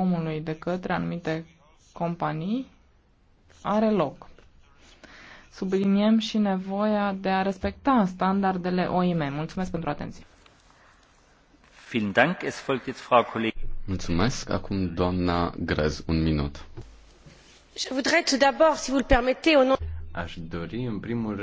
omului de către anumite companii are loc. Subliniem și nevoia de a respecta standardele OIM. Mulțumesc pentru atenție. Mulțumesc. Acum doamna Grez, un minut. Je voudrais tout d'abord, si vous le permettez, au nom... Aș dori, în primul rând,